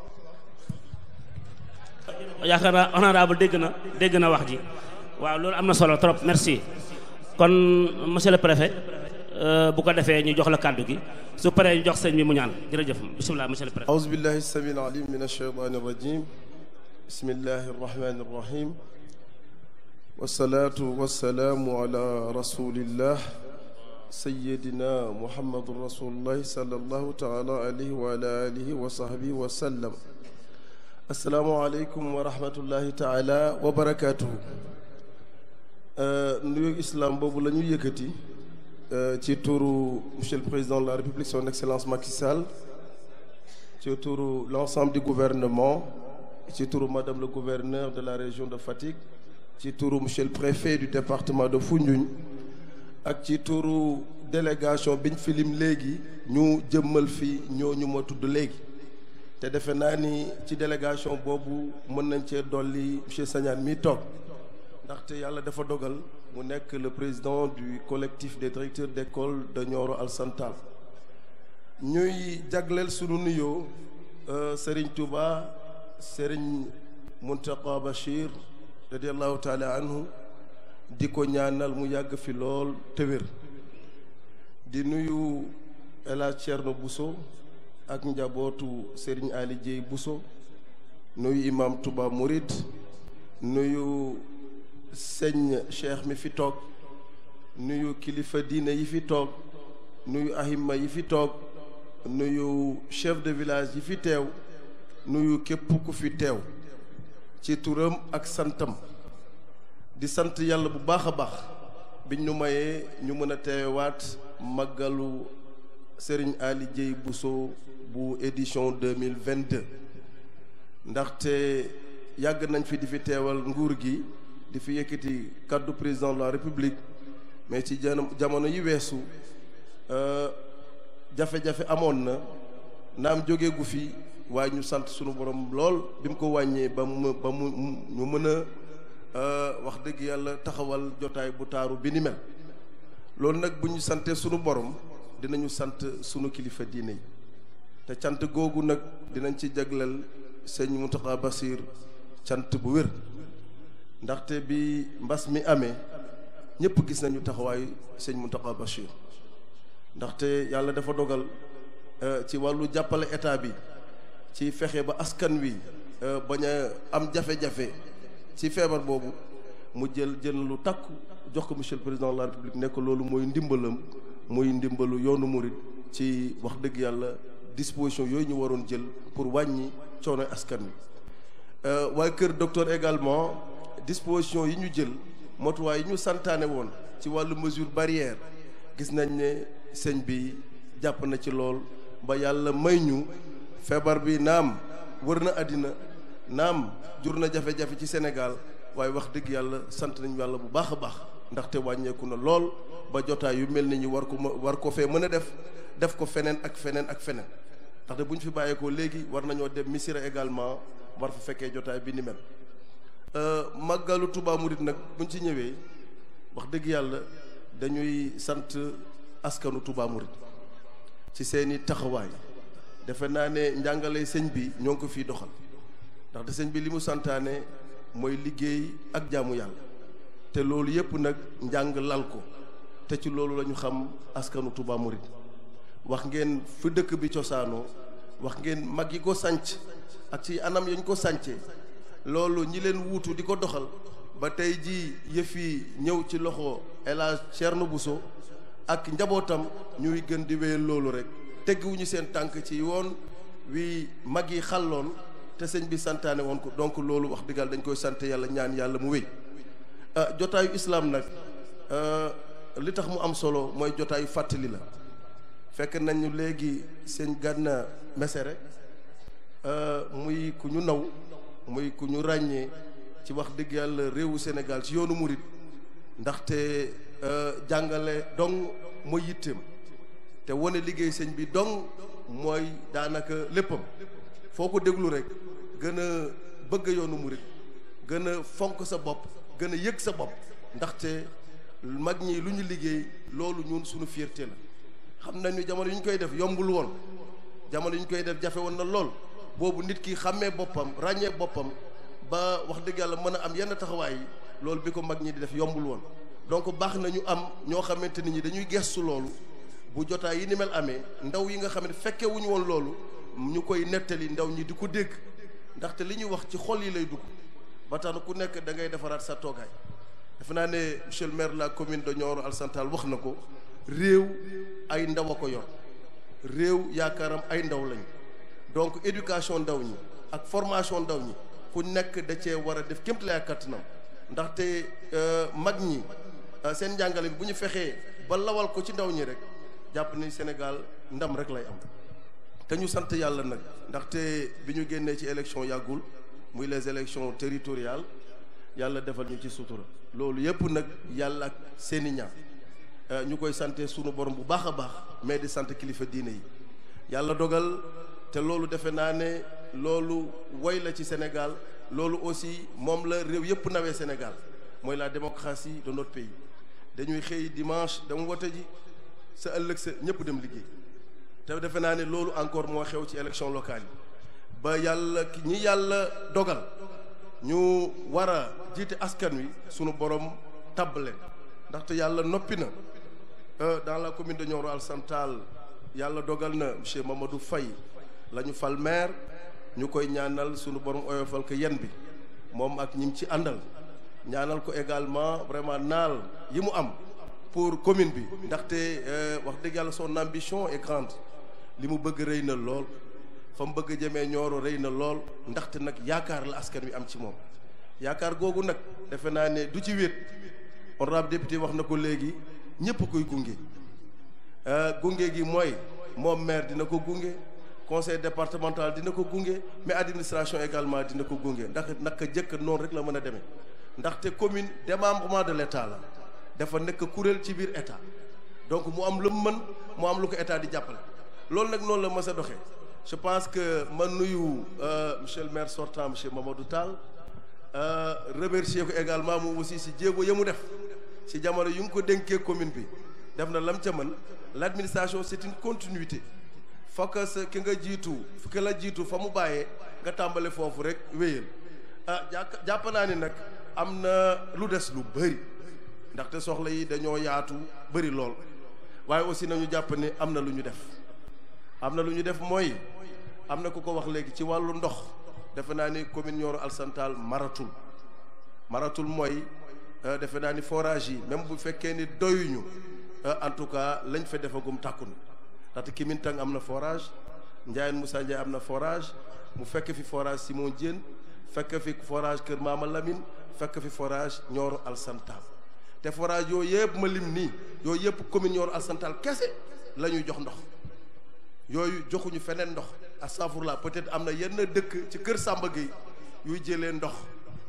yaakaar naa honorable dégg na dégg na wax ji waaw loolu am na solo trop merci kon monsieur le préfet euh, bu ko defee ñu jox la kàddu gi su paree ñu jox sëñ bi mu ñaan jërëjëf bisimilah monsieur le préfet. auzu
billahi samil alim min ashaytani rajim bismillahi rahmani rahim wasalaatu wasalaamu ala rasulillah sayidina muhammadu rasulillah sallallahu taala alayhi wa ala alihi wa sahbihi wa sallam asalaamaaleykum wa rahmatullahi taala wa barakaatuhu euh, nuyu islam boobu la ñuy yëkkati euh, ci turu monsieur président de la république son excellence Macky ci turu l' ensemble du gouvernement ci turu madame le gouverneur de la région de Fatick ci turu monsieur le préfet du département de Foundiougne ak ci turu délégation biñ filim léegi ñu jëmmal fi ñooñu ma tudd léegi te defe naa ni ci délégation boobu mën nañ cee dolli monsieur Sagnane mi toog ndaxte yàlla dafa dogal mu nekk le président du collectif des directeur d'école de Nioro Al Santal ñuy jagleel sunu nuyoo euh, Serigne Touba sëriñ Mountakha Bachir radiallahu taala anhu di ko ñaanal mu yàgg fi lool te di nuyu El Hadj Thierno Bousso ak njabootu Serigne Ali Dieye Bousso nuyu imam Touba Mouride nuyu sëñ Cheikh mi fi toog nuyu kilifa diine yi fi toog nuyu ahimma yi fi toog nuyu chef de village yi fi teew nuyu képp ku fi teew ci turam ak santam di sant yàlla bu baax a baax biñ nu mayee ñu mën a teewaat màggalu Serigne Ali Dieye Bousso bu édition deux mille vingt deux ndaxte yàgg nañ fi di fi teewal nguur gi di fi yëkkati kàddu président de la république mais ci jamono yi weesu euh, jafe-jafe amoon na naam jóge gu fi waa ñu sant sunu borom lool bi mu ko wàññee ba mu mu ñu mën a euh, wax dëgg yàlla taxawal jotaay bu taaru bi ni mel loolu nag bu ñu santee sunu borom dinañu sant sunu kilifa diine yi. te cant googu nag dinañ ci jagleel sëñ Mountakha Bassir cant bu wér ndaxte bi mbas mi amee ñëpp gis nañu taxawaay sëñ Mountakha Bassir ndaxte yàlla dafa dogal euh, ci wàllu jàppale état bi ci fexe ba askan wi euh, bañ a am jafe-jafe ci feebar boobu mu jël jël lu takku jox ko monsieur le président la république nekk loolu mooy ndimbalam muy ndimbalu yoonu murit ci wax dëgg yàlla disposition yooyu ñu waroon jël pour wàññi coono askan wi euh, waaye kër docteur également disposition yi ñu jël motuwaay yi ñu santaane woon ci wàllu mesure barrière gis nañ ne sëñ bi jàpp na ci lool ba yàlla may ñu feebar bi naam wër na àddina naam jur na jafe-jafe ci Sénégal waaye wax dëgg yàlla sant nañu yàlla bu baax a baax ndaxte wàññeeku na lool ba jotaay yu mel nañu ñu war ko fee mën a def def ko feneen ak feneen ak feneen ndaxte bu ñu fi bàyyeekoo léegi war nañoo dem Misira également war fa fekkee jotaay bi ni mel euh, màggalu Touba Mouride nag buñ ci ñëwee wax dëgg yàlla dañuy sant askanu Touba Mouride ci seeni taxawaay defe naa ne njàngale sëñ bi ñoo ko fiy doxal ndaxte sëñ bi li mu santaane mooy liggéey ak jaamu yàlla te loolu yépp nag njàng lal ko te ci loolu lañu xam askanu Touba Mouride wax ngeen fi dëkk bi cosaanoo wax ngeen mag yi ko sanc ak ci anam yañ ko sàncee loolu ñi leen wuutu di ko doxal ba tey jii yëf yi ñëw ci loxo El Hadj Thierno Bousso ak njabootam ñuy gën di wéyal loolu rek tegguwuñu seen tànk ci yoon wi mag yi xàlloon te sëñ bi santaane woon ko donc loolu wax dëggal dañ koy sant yàlla ñaan yàlla mu wéy euh, jotaayu islaam nag euh, li tax mu am solo mooy jotaayu fàttali la fekk nañu léegi sëñ Gana Messere euh, muy ku ñu naw muy ku ñu ràññee ci wax dëgg yàlla réewu Sénégal ci yoonu murit ndaxte euh, jàngale dong mooy yitteem te wane liggéey sëñ bi dong mooy daanaka léppam foo ko déglu rek gën a bëgg yoonu murit gën a fonk sa bopp gën a yëg sa bopp ndaxte mag ñi lu ñu liggéey loolu ñun suñu fierté la xam nañu jamono yi ñu koy def yombul woon jamono yi ñu koy def jafe woon na lool boobu nit ki xàmmee boppam ràññee boppam ba wax dëgg yàlla mën a am yenn taxawaay yi loolu bi ko mag ñi di def yombul woon donc baax na ñu am ñoo xamante nit ñi dañuy gestu loolu bu jotaay yi ni mel amee ndaw yi nga xam ne fekke woon loolu ñu koy nettali ndaw ñi di ko dégg ndaxte li ñuy wax ci xol yi lay dugg ba tax na ku nekk da ngay defaraat sa toogaay defe naa ne monsieur la commune de Nioro Alassane Tall wax na ko réew ay ndaw a ko yor réew yaakaaram ay ndaw lañ donc éducation ndaw ñi ak formation ndaw ñi ku nekk da cee war a def kémt lay kàttanam ndaxte euh, mag ñi euh, seen njàngale bi bu ñu fexee ba lawal ko ci ndaw ñi rek jàpp ni Sénégal ndam rek lay am te ñu sant yàlla nag ndaxte bi ñu génnee ci élection yàggul muy les élections territoriales yàlla defal ñu ci sutura loolu yépp nag yàlla ak seeni ñaan Euh, ñu koy sante sunu borom bu baax a baax mais di sant kilifa diine yi yàlla dogal te loolu defe naa ne loolu woy la ci Sénégal loolu aussi moom la réew yëpp nawee Sénégal mooy la démocratie de notre pays dañuy xëy dimanche dama wote ji sa ëllëg sa ñëpp dem liggéey te defe naa ne loolu encore moo xew ci élection locale yi ba yàlla ki ñi yàlla dogal ñu wara a jiite askan wi sunu borom tabb leen ndaxte yàlla noppi na Euh, dans la commune de Nioro Alassane Tall yàlla dogal na monsieur Mamadou Faye la ñu fal maire ñu koy ñaanal sunu borom oyofal ko yen bi moom ak ñim ci àndal ñaanal ko également vraiment naal yi mu am pour commune bi ndaxte euh, wax dëgg yàlla son ambition est grande li mu bëgg rëy na lool fa mu bëgg jemee ñooro rëy na lool ndaxte nag yaakaar la askan wi am ci moom yaakaar googu nag defe naa ne du ci wéet honorable député wax na ko léegi ñëpp koy gunge euh, gunge gi mooy moom maire dina ko gunge conseil départemental dina ko gunge mais administration également dina ko gunge ndax naka jëkk noonu rek la mën a demee ndaxte commune démembrement de l'état la dafa nekk kuréel ci biir état donc mu am lu mu mën mu am lu ko état di jàppale loolu nag noonu la mës a doxee je pense que ma nuyu euh, monsieur le maire sortant monsieur Mamadou Tall euh, remercier ko également moom aussi si jéego ya mu def ci jamono yu ngi ko dénkee commune bi def na lam ca mën l' administration c' est une fokk sa ki nga jiitu ki la jiitu fa mu bàyyee nga tàmbale foofu rek wéyal ah jàpp naa ni nag am na lu des lu bëri ndaxte soxla yi dañoo yaatu bëri lool waaye aussi nañu jàpp ni am na lu ñu def am na lu ñu def mooy am na ku ko wax léegi ci wàllu ndox defe naa ni commune Nioro Alassane Tall maratul maratul mooy Euh, defe naa ni forage yi même bu fekkee ni doyuñu euh, en tout cas lañ fa defagum tàkkun ndaxte Kimintang am na forage Ndiayen Moussa Ndiaye am na forage mu fekk fi forage Simon Diène fekk fi forage Kër Maama Lamine fekk fi forage Nioro Alsantal te forage yooyu yëpp ma lim nii yooyu yëpp commune Nioro Alsantal kese la ñuy jox ndox yooyu joxuñu feneen ndox astafurlah peut-être am na yenn dëkk ci kër sàmba Gueye yuy jëlee ndox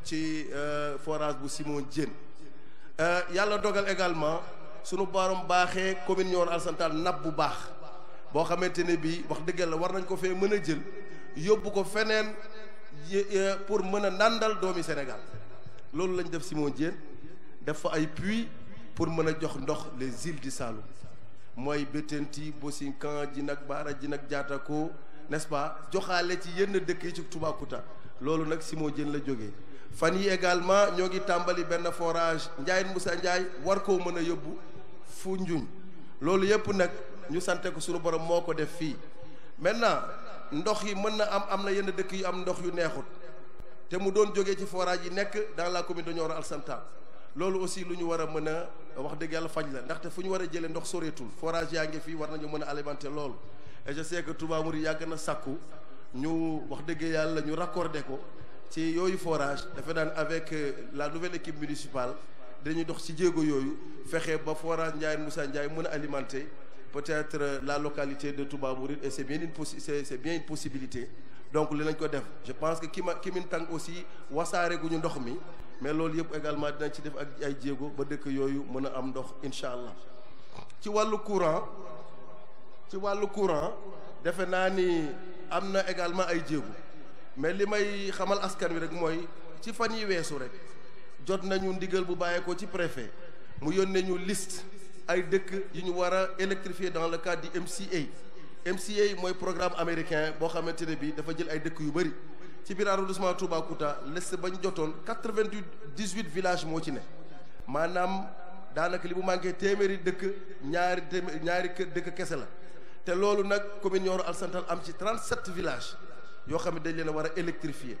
ci euh, forage bu Simon Diène euh, yàlla dogal également sunu borom baaxee commune Nioro Alassane Tall bu baax boo xamante ne bii wax dëgg la war nañ ko fee mën a jël yóbbu ko feneen pour mën a nàndal doomi Sénégal loolu lañ def Simon Diène def fa ay puits pour mën a jox ndox les îles di Saloum mooy Bettenty Bosinkan Djinak Bara Djinak Diatako jaata ko pas joxaale ci yenn dëkk yi ci Toubacouta loolu nag Simon Diène la jógee fan yi également ñoo ngi tàmbali benn forage Ndiaye Moussa Ndiaye war koo mën a yóbbu fu njuñ loolu yëpp nag ñu sante ko suñu borom moo ko def fii maintenant ndox yi mën na am am na yenn dëkk yu am ndox yu neexut te mu doon jógee ci forage yi nekk dans la commune de Nioro Alassane Tall loolu aussi lu ñu war a mën a wax dëgg yàlla faj la ndaxte fu ñu war a jëlee ndox soreetul forage yaa ngi fii war nañu mën a alimenter loolu et je sais que Touba yàgg na sàkku ñu wax dëgg yàlla ñu raccorder ko ci yooyu forage dafa daan avec euh, la nouvelle équipe municipale dañuy dox ci jéego yooyu fexe ba forage Ndiaye Moussa Ndiaye mën a alimenter peut-être euh, la localité de Touba Mouride et c'est bien une possi c'est possibilité donc li lañ ko def je pense que Kima Kimintang aussi wasaare gu ñu ndox mi mais loolu yëpp également dinañ ci def ak ay jéego ba dëkk yooyu mën a am ndox incha allah ci wàllu courant ci wàllu courant defe naa ni am na également ay jéego. mais li may xamal askan wi rek mooy ci fan yi weesu rek jot nañu ndigal bu bàyyeekoo ci préfet mu yónnee ñu list ay dëkk yi ñu war a électrifier dans le cadre du MCA MCA mooy programme américain boo xamante ne bii dafa jël ay dëkk yu bëri ci biir arrondissement Toubacouta liste ba ñu jotoon quatre-vingt-huit dix moo ci ne maanaam daanaka li bu manqué téeméeri dëkk ñaari téeméeri ñaari dëkk kese la te loolu nag commune Nioro Alassane Tall am ci trente-sept villages. yoo xam ne dañ leen a war a électrifier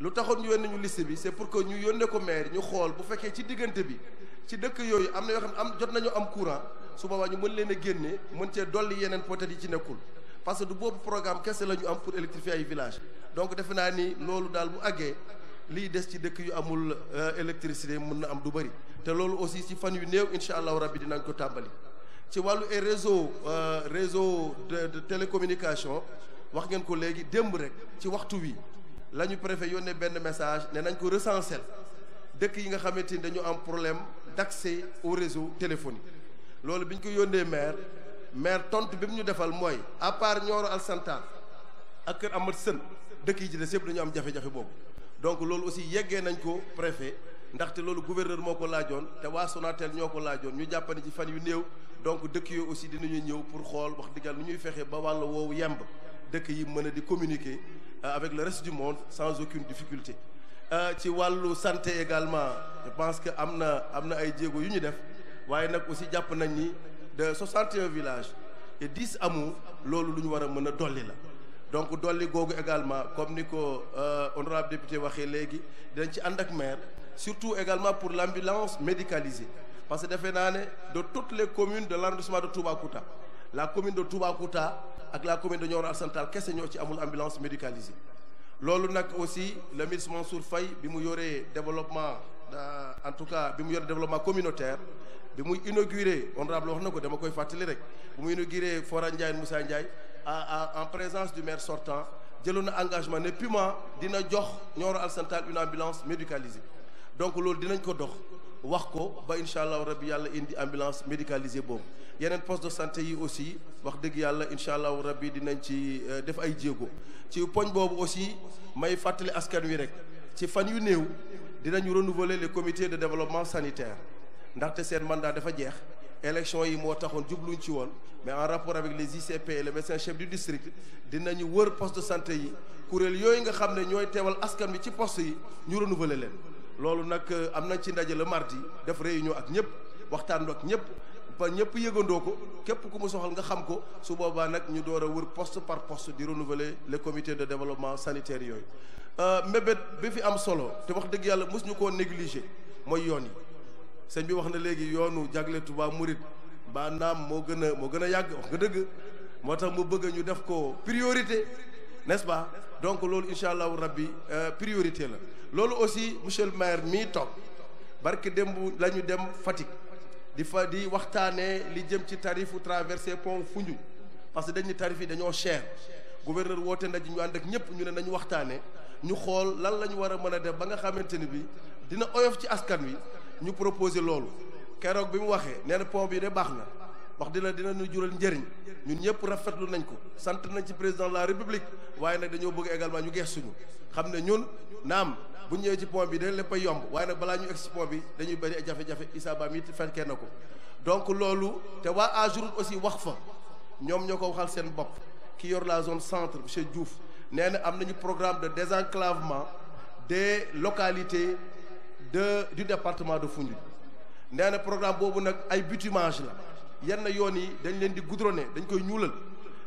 lu taxoon ñu yónnee ñu liste bi c'est pour que ñu yónnee ko maire ñu xool bu fekkee ci diggante bi ci dëkk yooyu am na yoo xam ne am jot nañu am courant su boobaa ñu mën leen a génne mën cee dolli yeneen peut yi ci nekkul parce que du boobu programme kese lañu am pour électrifier ay village donc defe naa ni loolu daal bu àggee liy des ci dëkk yu amul euh, électricité mën na am du bëri te loolu aussi ci fan yu néew incha allahu rabbi dinañ ko tàmbali ci wàllu réseau euh, réseau de télécommunication wax ngeen ko léegi démb rek ci waxtu wi la ñu préfet yónnee benn message ne nañ ko recenser dëkk yi nga xamante ni dañu am problème d'accès au réseau téléphonique loolu bi ñu ko yónnee maire maire tontu bi mu ñu defal mooy à part Nioro Alsantar ak Kër amat Sène dëkk yi ci des yëpp dañu am jafe-jafe boobu donc loolu aussi yeggee nañ ko préfet ndaxte loolu gouverneur moo ko laajoon te waa Sonatel ñoo ko laajoon ñu jàppane ci fan yu néew donc dëkk yooyu aussi dinañu ñëw pour xool wax diggal nu ñuy fexe ba wàll woowu yemb dëkk yi mën a di communiquer euh, avec le reste du monde sans aucune difficulté euh, ci wàllu santé également je que am na am na ay jéego yu ñu def waaye nag aussi jàpp nañ ni de 61 villages et 10 hameaux loolu lu ñu war a mën a dolli la donc dolli googu également comme ni ko euh, honorable député waxee léegi dan ci ànd ak maire surtout également pour l'ambulance médicalisée parce que defe naa ne de toutes les communes de l'arrondissement de Toubacouta la commune de Toubacouta ak la commune de Nioro ak Santal kese ñoo ci amul ambulance médicalisée loolu nag aussi le ministre Mansour fay bi mu yoree développement euh, en tout cas bi mu yoree développement communautaire bi mu inauguré honorable wax na ko dama koy fàttali rek bi mu inauguré Fora Ndiaye Moussa Ndiaye en présence du maire sortant jëloon na engagement ne Puma dina jox Nioro ak Santal une ambulance médicalisée donc loolu dinañ ko dox wax ko ba incha allah rabi yàlla indi ambulance médicalisée boobu yeneen poste de santé yi aussi wax dëgg yàlla incha allah rabi dinañ ci euh, def ay jéego ci poñ boobu aussi may fàttali askan wi rek ci fan yu néew dinañu renouveler le comité de développement sanitaire ndaxte seen mandat dafa jeex élection yi moo taxoon jubluñ ci woon mais en rapport avec les ICP et le médecin chef du district dinañu wër poste de santé yi kuréel yooyu nga xam ne ñooy teewal askan wi ci poste yi ñu leen. loolu nag euh, am na ci ndaje le mardi def réunion ak ñëpp waxtaan ak ñëpp ba ñëpp yëgandoo ko képp ku mu soxal nga xam ko su boobaa nag ñu door a wër post par poste di renouveler le comité de développement sanitaire yooyu euh, mébét bi fi am solo te wax dëgg yàlla mos ñu koo négliger mooy yoon yi sëñ bi wax na léegi yoonu jagle Touba Murit ba naam moo gën a moo gën a yàgg wax nga dëgg moo tax mu bëgg ñu def ko priorité n'est-ce donc loolu incha allahu rabbi euh, priorité la loolu aussi monsieur le maire mii toog barke démb la ñu dem Fatick di fa di waxtaanee li jëm ci tarifu traversé pont Foundiougne parce que dañu tarif yi dañoo cher gouverneur woote ndaje ñu ànd ak ñëpp ñu ne nañu waxtaanee ñu xool lan la ñu war a mën a dem ba nga xamante ni bi dina oyof ci askan wi ñu proposé loolu keroog bi mu waxee nee na pont bi de baax na wax dina dina ñu jural njëriñ ñun ñëpp rafetlu nañ ko sant nañ ci président de la république waaye nag dañoo bëgg également ñu geex suñu xam ne ñun naam bu ñëwee ci pont bi dañ lépp yomb waaye nag balaa ñu egg si pont bi dañuy bëri ay jafe-jafe Ba mi fekkee na ko donc loolu te waa AGEROUTE aussi wax fa ñoom ñoo ko waxal seen bopp ki yor la zone centre monsieur Diouf nee na am nañu programme de désenclavement des localités de du département de Foundiougne nee na programme boobu nag ay bitumage la yenn yoon yi dañu leen di goudronné dañ koy ñuulal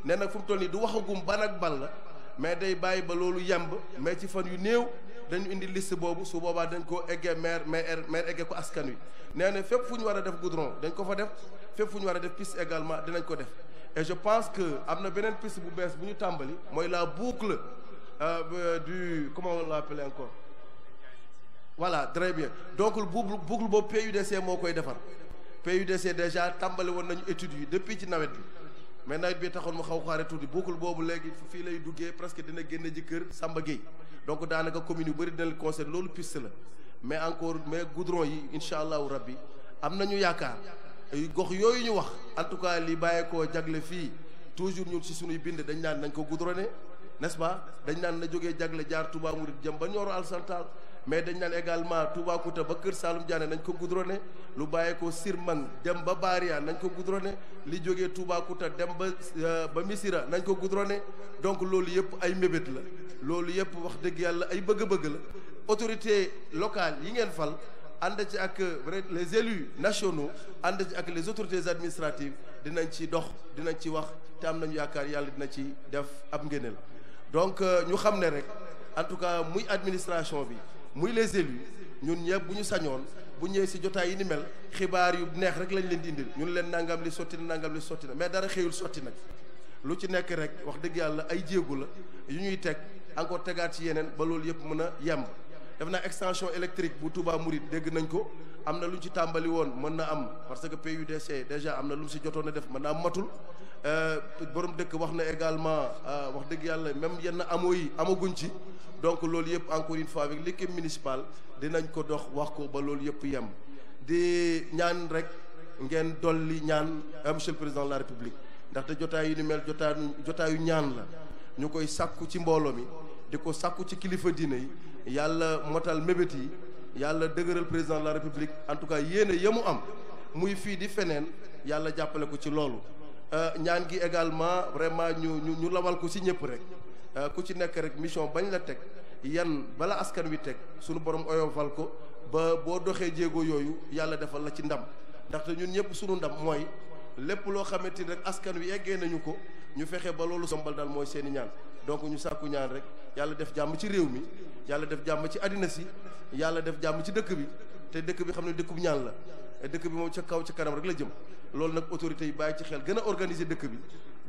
nee nag fu mu toll nii du waxagum ban ak ban la mais day bàyyi ba loolu yemb mais ci fan yu néew dañu indi liste boobu su boobaa dañ ko eggee maire maire maire eggee ko askan wi nee na fépp fu ñu war a def goudron dañ ko fa def fépp fu ñu war a def piste également dinañ ko def et je pense que am na beneen piste bu bees bu ñu tàmbali mooy la boucle euh, du comment on la encore voilà très bien donc boucle boucle boobu PUDC moo koy defar PUDC déjà tàmbali woon nañu études yi depuis ci nawet bi mais nawet bi taxoon mu xaw xaare tuuti bokkul boobu léegi fii lay duggee presque dina génne ji kër sàmba Gueye donc daanaka commune yu bëri dina leen loolu piste la mais encore mais goudron yi incha allahu rabbi am nañu yaakaar gox yooyu ñu wax en tout cas li bàyyeekoo jagle fii toujours ñun si suñuy bind dañ daan nañ ko goudronné n'est-ce pas dañ naan na jógee jagle jaar Touba Mouride jëm ba Nioro Alassane Tall mais dañ naan également Toubacouta ba Kër Saalum Diané nañ ko goudronné lu bàyyee ko Sirman dem ba Baria nañ ko goudronné li jógee Toubacouta dem ba euh, ba Missira nañ ko goudronné donc loolu yëpp ay mébét la loolu yëpp wax dëgg yàlla ay bëgg-bëgg la autorité locale yi ngeen fal ànd ci ak les élus nationaux ànd ci ak les autorités administratives dinañ ci dox dinañ ci wax te am nañu yaakaar yàlla dina ci def ab ngéneel donc euh, ñu xam ne rek en tout cas muy administration bi muy les élus ñun ñëpp bu ñu sañoon bu ñëwee si jotaay yi ni mel xibaar yu neex rek lañ leen di indil ñun leen nangam li sotti na nangam li sotti na mais dara xëyul sotti nag lu ci nekk rek wax dëgg yàlla ay jéegu la yu ñuy teg encore tegaat ci yeneen ba loolu yëpp mën a yemb def naa extension électrique bu Touba Mouride dégg nañ ko am na lu ci tàmbali woon mën na am parce que PUDC déjà am na lu mu si jotoon a def mën naa matul euh, borom dëkk wax na également euh, wax dëgg yàlla même yenn amoo yi amaguñ ci donc loolu yëpp encore une fois avec l'équipe municipale dinañ ko dox wax ko ba loolu yëpp yem di ñaan rek ngeen dolli ñaan euh, monsieur le président la république ndaxte jotaay yu ni mel jotaayu jotaayu ñaan la ñu koy sàkku ci mbooloo mi di ko sàkku ci kilifa diine yàlla motal mébét yi yàlla dëgëral président de la république en tout cas yéene ya am muy fii di feneen yàlla jàppale ko ci loolu euh, ñaan gi également vraiment ñu ñu ñu lawal ko ci ñëpp rek euh, ku ci nekk rek mission bañ la teg yan bala askan wi teg sunu borom oyofal ko ba boo doxee jéego yooyu yàlla defal la ci ndam ndaxte ñun ñëpp sunu ndam mooy lépp loo xamante ni rek askan wi eggee nañu ko ñu fexe ba loolu sombal dal mooy seeni ñaan donc ñu sàkku ñaan rek yàlla def jàmm ci réew mi yàlla def jàmm ci àddina si yàlla def jàmm ci dëkk bi te dëkk bi xam ne dëkk bu ñaan la dëkk bi moom ca kaw ca kanam rek la jëm loolu nag autorités yi bàyyi ci xel gën a organiser dëkk bi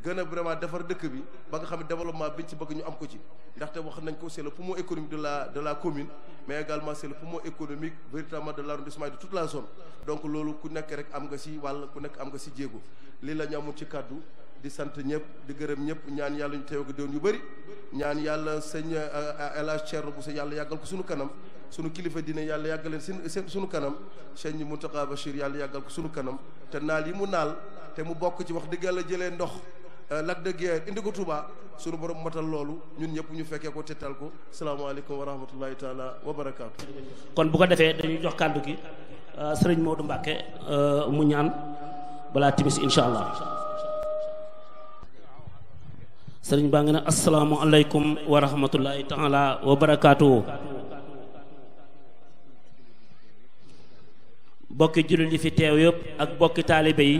gën a vraiment defar dëkk bi ba nga xam ne bi biñ ci bëgg ñu am ko ci ndaxte wax nañ ko c'est le poumon économique de la de la commune mais également c'est le poumon économique véritablement de l'arrondissement de toute la zone donc loolu ku nekk rek a nga si wàll ku nekk am nga si jéego lii la ñu ci kàddu di sant ñëpp di gërëm ñëpp ñaan yàlla ñu teew ko déwén yu bëri ñaan yàlla sëñ euh, El Hadj Thierno bu sa yàlla yàggal ko suñu kanam suñu kilifa dina yàlla yàggaleen seen seen suñu kanam sëñ Mountakha Bachir yàlla yàggal ko suñu kanam te naal yi mu naal te mu bokk ci wax dëgg yàlla jëlee ndox euh, Lac de Guiers indi ko Touba suñu borom matal loolu ñun ñëpp ñu fekkee ko tettal ko salaamaaleykum wa rahmatullahi taala wa barakaatu
kon bu ko defee dañuy jox kàddu gi euh, sëriñ Modou Mbacke mu ñaan balaa timis incha allah sëriñ baa ngi ne assalaamu aleykum wa rahmatullahi wa barakaatu bokki jullit yi fi teew yëpp ak bokki taalibe yi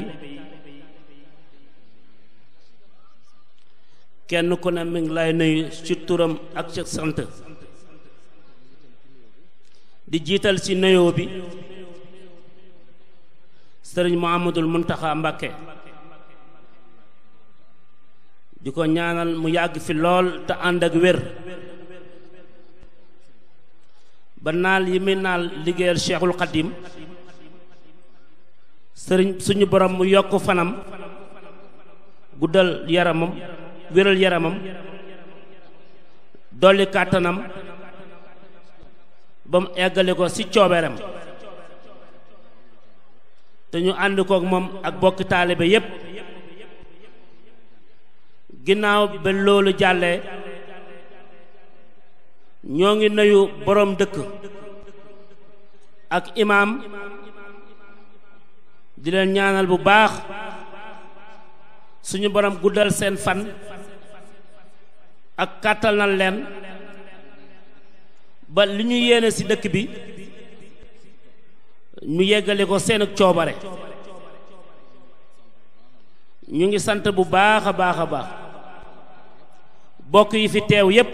kenn ku ne mi lay nuyu ci ak ci sant di jiital ci nuyoo bi sëriñ Muhammadul Muntaxa Mbàkke di ko ñaanal mu yàgg fi lool te ànd ak wér ba naal yi muy naal liggéeyal Cheikhul Xadim sëriñ suñu borom mu yokk fanam guddal yaramam wéral yaramam dolli kàttanam ba mu eggale ko ci coobeeram te ñu ànd kook moom ak bokki taalibe yépp ginnaaw bi ba loolu jàlle ñoo ngi nuyu boroom dëkk ak imaam di leen ñaanal bu baax suñu boroom guddal seen fan ak kàttal na leen ba li ñuy yéene ci dëkk bi ñu yeggale ko seen coobare ñu ngi sant bu baax a baax a baax bokk yi fi teew yépp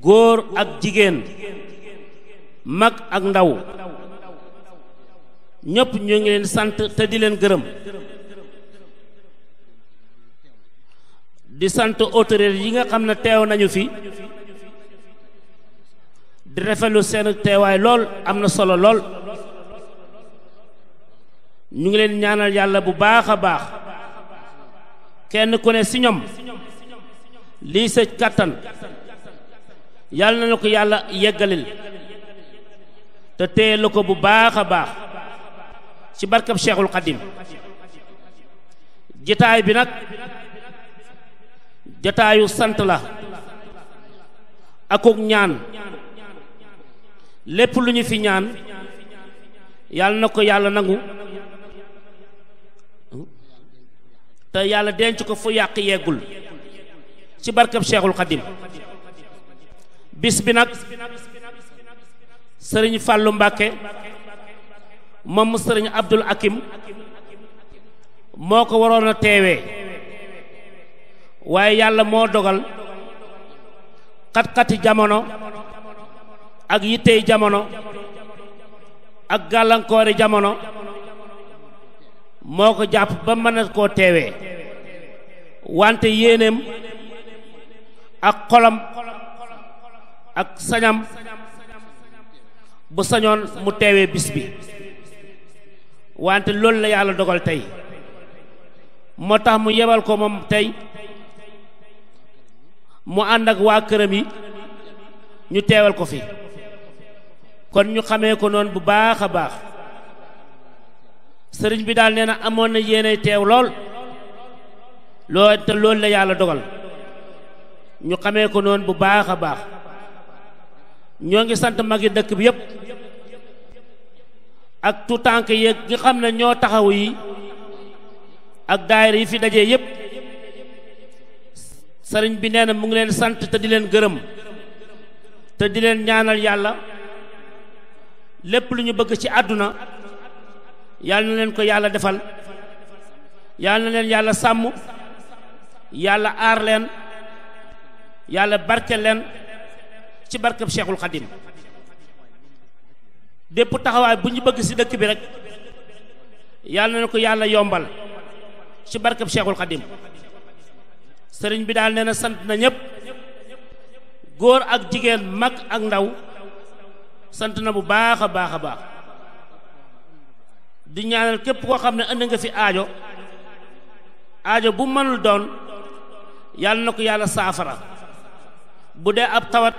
góor ak jigéen mag ak ndaw ñépp ñu ngi leen sant te di leen gërëm di sant autorité yi nga xam na teew nañu fi di rafetlu seen teewaay lool am na solo lool ñu ngi leen ñaanal yàlla bu baax a baax kenn ku ne si ñom lii sa kàttan yàlla na ko yàlla yeggalil te téye ko bu baax a baax ci barkab Cheikhul Xadim jataay bi nag jataayu sant la akuk ñaan lépp lu ñu fi ñaan yàlla na ko yàlla nangu te yàlla denc ko fu yàq yeggul ci barkeb Cheikhul Khadim bis bi nag sëriñ Fàllu Mbàkke moom sëriñ Abdul Akim moo ko waroon a teewee waaye yàlla moo dogal xat-xati jamono ak yittey jamono ak gàllankoori jamono moo ko jàpp ba mën koo teewee wante yéeneem ak xolam ak sañam bu sañoon mu teewee bis bi wante loolu la yàlla dogal tey moo tax mu yebal ko moom tey mu ànd ak waa këram yi ñu teewal ko fi kon ñu xamee ko noonu bu baax a baax sëriñ bi daal nee na amoon na yéene teew lool lool te loolu la yàlla dogal ñu xamee ko noon bu baax a baax ñoo ngi sant mag yi dëkk bi yépp ak tutànk yeeg nga xam na ñoo taxaw yi ak daayira yi fi dajee yépp sëriñ bi nee na mu ngi leen sant te di leen gërëm te di leen ñaanal yàlla lépp lu ñu bëgg ci àdduna yàlla na leen ko yàlla defal yàlla na leen yàlla sàmm yàlla aar leen yàlla barke leen ci barkeb Cheikhul Khadim dépp taxawaay bu ñu bëgg ci dëkk bi rek yàlla na ko yàlla yombal ci barkeb Cheikhul Khadim sëriñ bi daal nee na sant na ñëpp góor ak jigéen mag ak ndaw sant na bu baax a baax a baax di ñaanal képp koo xam ne indi nga fi aajo aajo bu mënul doon yàlla na ko yàlla saafara bu dee ab tawat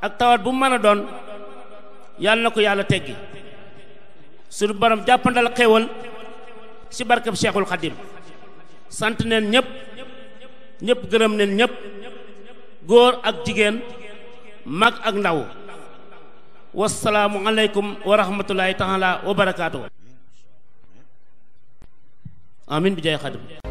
ak tawat bu mën a doon yàlla na ko yàlla teggi su baram jàppandal xéewal ci barkeb Cheikhul Khadim sant neen ñëpp ñëpp gërëm neen ñëpp góor ak jigéen mag ak ndaw wasalaamu aleykum wa rahmatullahi taala wa barakaatu amin